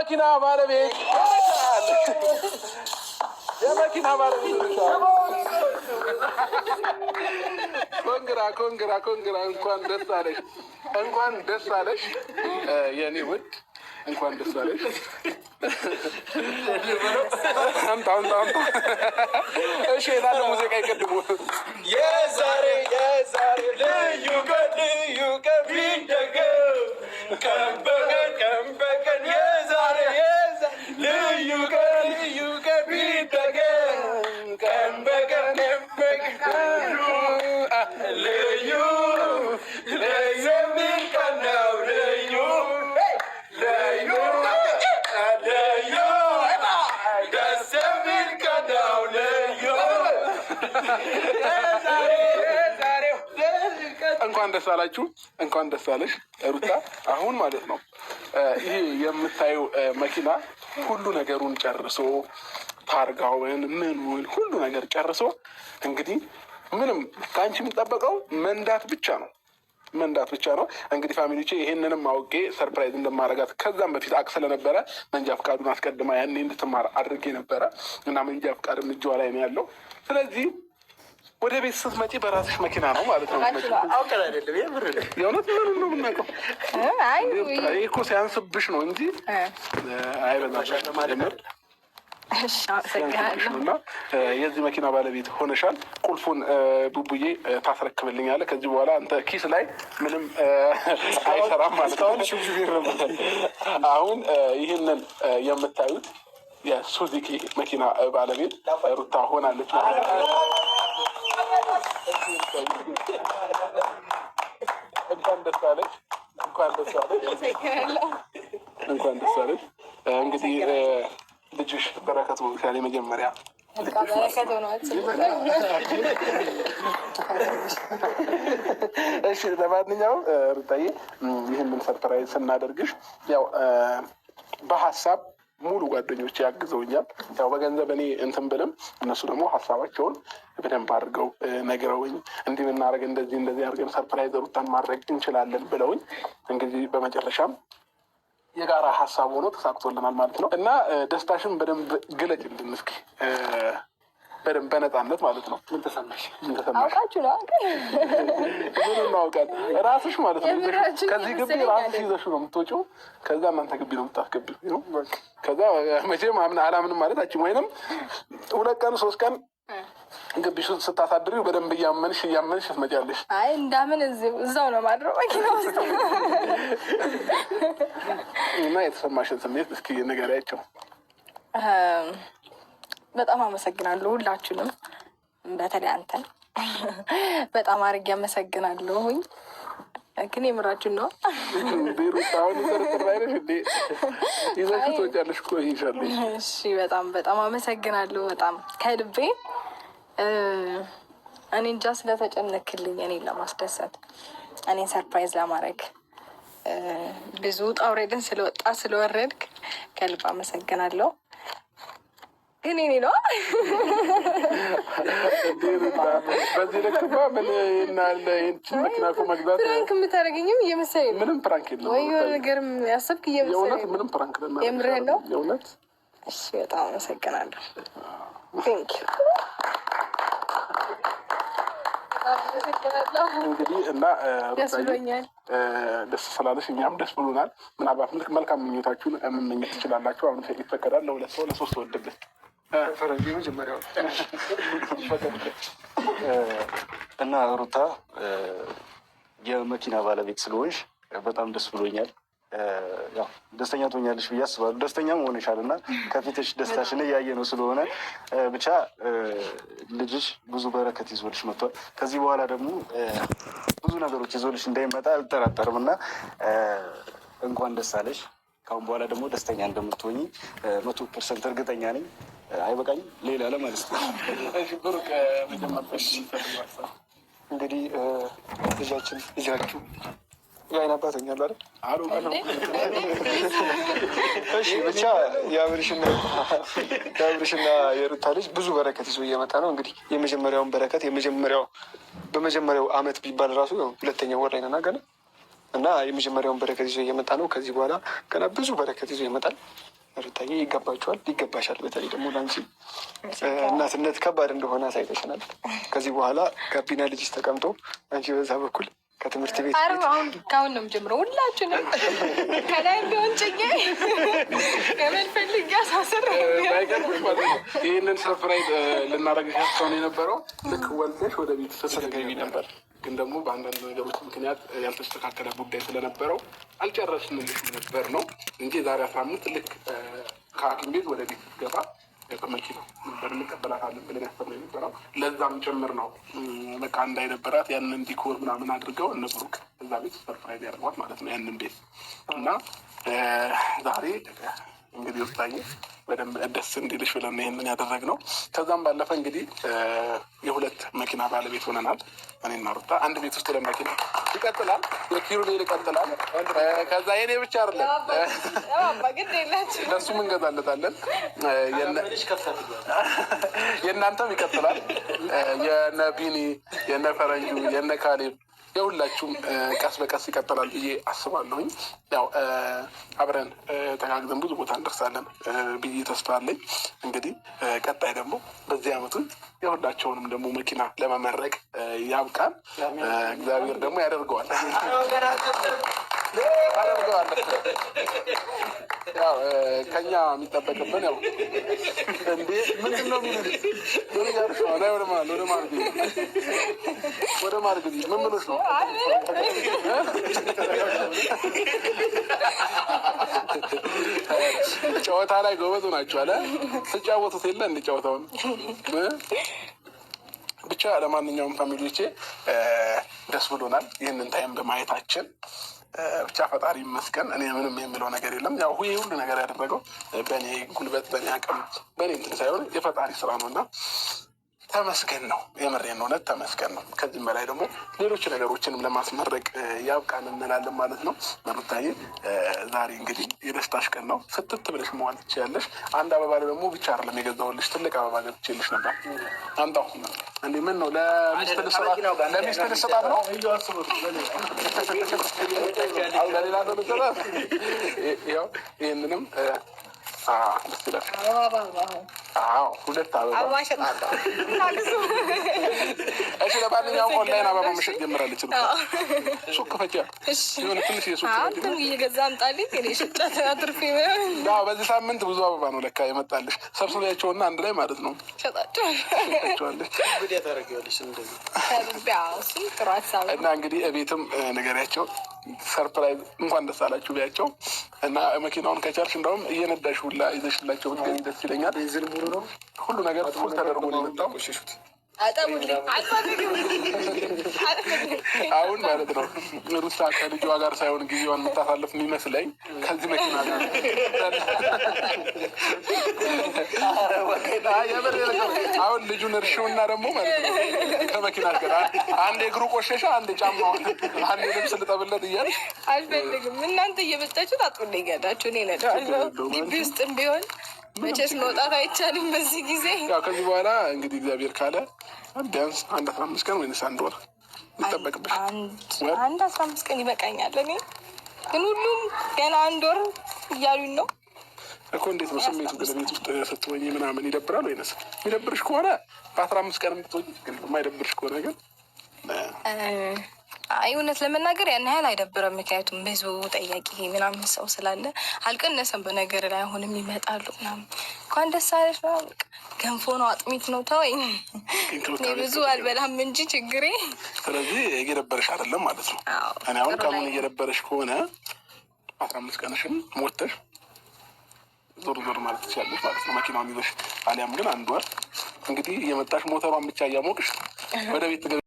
የመኪና ባለቤት የመኪና ባለቤት ኮንግራ ኮንግራ ኮንግራ። እንኳን ደስ አለሽ፣ እንኳን ደስ አለሽ የኔ ውድ እንኳን ደስ አለሽ። አምጣ አምጣ አምጣ። እሺ የታለ ሙዚቃ ይቀድሙ እንኳን ደስ አላችሁ፣ እንኳን ደስ አለሽ ሩታ። አሁን ማለት ነው ይሄ የምታየው መኪና ሁሉ ነገሩን ጨርሶ ታርጋውን ምኑን ሁሉ ነገር ጨርሶ እንግዲህ ምንም ከአንቺ የሚጠበቀው መንዳት ብቻ ነው። መንዳት ብቻ ነው። እንግዲህ ፋሚሊቼ ይሄንንም አውቄ ሰርፕራይዝ እንደማረጋት ከዛም በፊት አቅ ስለነበረ መንጃ ፍቃዱን አስቀድማ ያኔ እንድትማር አድርጌ ነበረ እና መንጃ ፍቃድ እጇ ላይ ነው ያለው። ስለዚህ ወደ ቤት ስትመጪ በራስሽ መኪና ነው ማለት ነው። የእውነት ነው የምናውቀው? ይህ እኮ ሲያንስብሽ ነው እንጂ አይበዛም። የዚህ መኪና ባለቤት ሆነሻል። ቁልፉን ቡቡዬ ታስረክብልኛለህ። ከዚህ በኋላ አንተ ኪስ ላይ ምንም አይሰራም ማለት ነው። አሁን ይህንን የምታዩት የሱዚኪ መኪና ባለቤት ሩታ ሆናለች ማለት ነው። እንኳን ደስ እንኳን ደስ እንኳን ደስ እንግዲህ ልጅሽ በረከቱ ካሌ መጀመሪያ እሺ፣ ለማንኛውም ሩታዬ ይህንን ሰርፕራይዝ ስናደርግሽ ያው በሀሳብ ሙሉ ጓደኞች ያግዘውኛል። ያው በገንዘብ እኔ እንትን ብልም እነሱ ደግሞ ሀሳባቸውን በደንብ አድርገው ነግረውኝ እንዲህ ብናደርግ እንደዚህ እንደዚህ አድርገን ሰርፕራይዝ ሩታን ማድረግ እንችላለን ብለውኝ እንግዲህ በመጨረሻም የጋራ ሀሳብ ሆኖ ተሳክቶልናል ማለት ነው እና ደስታሽን በደንብ ግለጭ እንድንስኪ በደንብ በነፃነት ማለት ነው። ምን ተሰማሽ? ምን ተሰማሽ? ራስሽ ማለት ነው። ከዚህ ግቢ ራስሽ ይዘሽ ነው የምትወጪው። ከዛ እናንተ ግቢ ነው የምታስገቢው። ከዛ መቼም አምና አላምንም ማለት አችም ወይንም ሁለት ቀን ሶስት ቀን ግቢሽ ስታሳድሪው በደንብ እያመንሽ እያመንሽ ትመጫለሽ። አይ እንዳምን እዛው ነው ማድረው መኪና ውስጥ እና የተሰማሽን ስሜት እስኪ ንገሪያቸው። በጣም አመሰግናለሁ ሁላችሁንም፣ በተለይ አንተን በጣም አድርጌ አመሰግናለሁኝ። ግን የምራችን ነው ቤሩት እኮ ይሻሉ። እሺ በጣም በጣም አመሰግናለሁ። በጣም ከልቤ እኔ እንጃ ስለተጨነክልኝ እኔን ለማስደሰት እኔን ሰርፕራይዝ ለማድረግ ብዙ ውጣ ውረድን ስለወጣ ስለወረድክ ከልብ አመሰግናለሁ። ግን ኔ ነው በዚህ ልክማ ምን ናለ መኪናኮ መግዛት ፕራንክ የምታደርገኝም እየመሰለኝ ምንም ፕራንክ የለም ወይ የሆነ ነገርም ያሰብክ እየመሰለኝ ምንም ፕራንክ የምርህ ነው። የእውነት እሺ በጣም አመሰግናለሁ። ቴንኪው እንግዲህ እና ደስ ስላለሽ እኛም ደስ ብሎናል። ምናልባት ምልክ መልካም ምኞታችሁን መመኘት ትችላላችሁ። አሁን ይፈቀዳል። ለሁለት ሰው ለሶስት ወድብን እና ሩታ የመኪና ባለቤት ስለሆንሽ በጣም ደስ ብሎኛል። ደስተኛ ትሆኛለሽ ብዬ አስባለሁ። ደስተኛ መሆንሻል እና ከፊትሽ ደስታሽን እያየ ነው ስለሆነ ብቻ ልጅሽ ብዙ በረከት ይዞልሽ መጥቷል። ከዚህ በኋላ ደግሞ ብዙ ነገሮች ይዞልሽ እንዳይመጣ አልጠራጠርም እና እንኳን ደስ አለሽ። ካሁን በኋላ ደግሞ ደስተኛ እንደምትሆኝ መቶ ፐርሰንት እርግጠኛ ነኝ። አይበቃኝም ሌላ ለማለት ነው። እንግዲህ ልጃችን ልጃችሁ የአይን አባተኛ ሆኛለሁ አይደል? እሺ ብቻ የአብርሽና የሩታ ልጅ ብዙ በረከት ይዞ እየመጣ ነው። እንግዲህ የመጀመሪያውን በረከት የመጀመሪያው በመጀመሪያው አመት ቢባል ራሱ ሁለተኛው ወር ላይ ነና ገና እና የመጀመሪያውን በረከት ይዞ እየመጣ ነው። ከዚህ በኋላ ገና ብዙ በረከት ይዞ ይመጣል። ሩታዬ ይገባችኋል፣ ይገባሻል። በተለይ ደግሞ ለአንቺ እናትነት ከባድ እንደሆነ አሳይተሽናል። ከዚህ በኋላ ጋቢና ልጅ ተቀምጦ አንቺ በዛ በኩል ከትምህርት ቤት አርብ አሁን ካሁን ነው የምጀምረው። ሁላችንም ከላይ ቢሆን ጭዬ ገመድ ፈልጌ አሳስር ይህንን ሰርፕራይዝ ልናደርግሽ ያሰውን የነበረው ልክ ወልደሽ ወደ ቤት ተሰገቢ ነበር፣ ግን ደግሞ በአንዳንድ ነገሮች ምክንያት ያልተስተካከለ ጉዳይ ስለነበረው አልጨረስንልሽ ነበር ነው እንጂ ዛሬ አስራ አምስት ልክ ከሐኪም ቤት ወደ ቤት ስትገባ የቆመች ነው ነበር እንቀበላታለን ብለን ያሰብነው የነበረው ለዛም ጭምር ነው። በቃ እንዳይነበራት ያንን ዲኮር ምናምን አድርገው እነ ብሩክ እዛ ቤት ሰርፕራይዝ ያደርጓት ማለት ነው ያንን ቤት እና ዛሬ እንግዲህ ውስጣዬ በደንብ ደስ እንዲልሽ ብለን ይህንን ያደረግነው። ከዛም ባለፈ እንግዲህ የሁለት መኪና ባለቤት ሆነናል። እኔና ሩታ አንድ ቤት ውስጥ ለመኪና መኪና ይቀጥላል፣ የኪሩቤል ይቀጥላል። ከዛ የኔ ብቻ አይደለም ለሱም እንገዛለታለን። የእናንተም ይቀጥላል፣ የነ ቢኒ የነ ፈረንጁ የነ ካሌብ ለሁላችሁም ቀስ በቀስ ይቀጥላል ብዬ አስባለሁኝ። ያው አብረን ተጋግዘን ብዙ ቦታ እንደርሳለን ብዬ ተስፋ አለኝ። እንግዲህ ቀጣይ ደግሞ በዚህ አመቱ የሁላቸውንም ደግሞ መኪና ለመመረቅ ያብቃል። እግዚአብሔር ደግሞ ያደርገዋል። ያው ከኛ የሚጠበቅብን ያው እንዴ ምንድን ነው ወደ ምን ነው? ጨዋታ ላይ ጎበዙ ናቸው አለ። ስጫወቱት የለ እንደ ጨዋታውን ብቻ። ለማንኛውም ፋሚሊዎቼ ደስ ብሎናል ይህንን ታይም በማየታችን ብቻ ፈጣሪ ይመስገን። እኔ ምንም የምለው ነገር የለም። ያው ሁ ሁሉ ነገር ያደረገው በእኔ ጉልበት፣ በእኔ አቅም፣ በእኔ እንትን ሳይሆን የፈጣሪ ስራ ነው እና ተመስገን ነው። የምሬን እውነት ተመስገን ነው። ከዚህም በላይ ደግሞ ሌሎች ነገሮችንም ለማስመረቅ ያብቃን እንላለን ማለት ነው። በምታይ ዛሬ እንግዲህ የደስታሽ ቀን ነው። ስትት ብለሽ መዋል ትችያለሽ። አንድ አበባ ደግሞ ብቻ አይደለም የገዛሁልሽ፣ ትልቅ አበባ ገብቼልሽ ነበር። አምጣው እንዴ! ምን ነው ለሚስት ልሰጣት ነው? ለሌላ ይህንንም ደስ ይላል። ሁለት አበባ እሸጣለሁ። እሺ፣ ለማንኛውም ኦንላይን አበባ መሸጥ ጀምራለች። ሱቅ ትንሽ የሱቅ እየገዛ አምጣልኝ። በዚህ ሳምንት ብዙ አበባ ነው ለካ የመጣልሽ። ሰብስቢያቸውና አንድ ላይ ማለት ነው እና እንግዲህ እቤትም ሰርፕራይዝ እንኳን ደስ አላችሁ ቢያቸው እና መኪናውን ከቻርሽ እንደውም እየነዳሽ ሁላ ይዘሽላቸው ደስ ይለኛል። ሁሉ ነገር ፉል ተደርጎ ነው የመጣው። አሁን ማለት ነው ሩታ ከልጇ ጋር ሳይሆን ጊዜዋን የምታሳልፍ የሚመስለኝ ከዚህ መኪና ጋር አሁን ልጁን እርሽውና ደግሞ ማለት ነው ከመኪና ጋር አንድ እግሩ ቆሸሸ፣ አንድ ጫማ፣ አንድ ልብስ ልጠብለት እያል አልፈልግም። እናንተ እየመጣችሁ ታጥቁ ገዳችሁ እኔ ነደዋለሁ ግቢ ውስጥም ቢሆን መቼስ መውጣት አይቻልም በዚህ ጊዜ። ያው ከዚህ በኋላ እንግዲህ እግዚአብሔር ካለ ቢያንስ አንድ አስራ አምስት ቀን ወይንስ አንድ ወር ይጠበቅብሽ። አንድ አስራ አምስት ቀን ይበቃኛል። እኔ ግን ሁሉም ገና አንድ ወር እያሉኝ ነው እኮ። እንዴት ነው ስሜቱ? ግን ቤት ውስጥ ስትወኝ ምናምን ይደብራል ወይነስ? የሚደብርሽ ከሆነ በአስራ አምስት ቀን ግን የማይደብርሽ ከሆነ ግን እውነት ለመናገር ያን ያህል አይደብረም። ምክንያቱም በህዝቡ ጠያቂ ምናምን ሰው ስላለ አልቀነሰም። በነገር ላይ አሁንም ይመጣሉ ምናምን። እንኳን ደስ አለሽ ነው ገንፎ ነው አጥሚት ነው ተወኝ። ብዙ አልበላም እንጂ ችግሬ። ስለዚህ እየደበረሽ አይደለም ማለት ነው። እኔ አሁን ቀኑን እየደበረሽ ከሆነ አስራ አምስት ቀንሽን ሞተሽ ዞር ዞር ማለት ትችላለሽ ማለት ነው። መኪናውን ይዘሽ አሊያም ግን አንድ ወር እንግዲህ እየመጣሽ ሞተሯን ብቻ እያሞቅሽ ወደ ቤት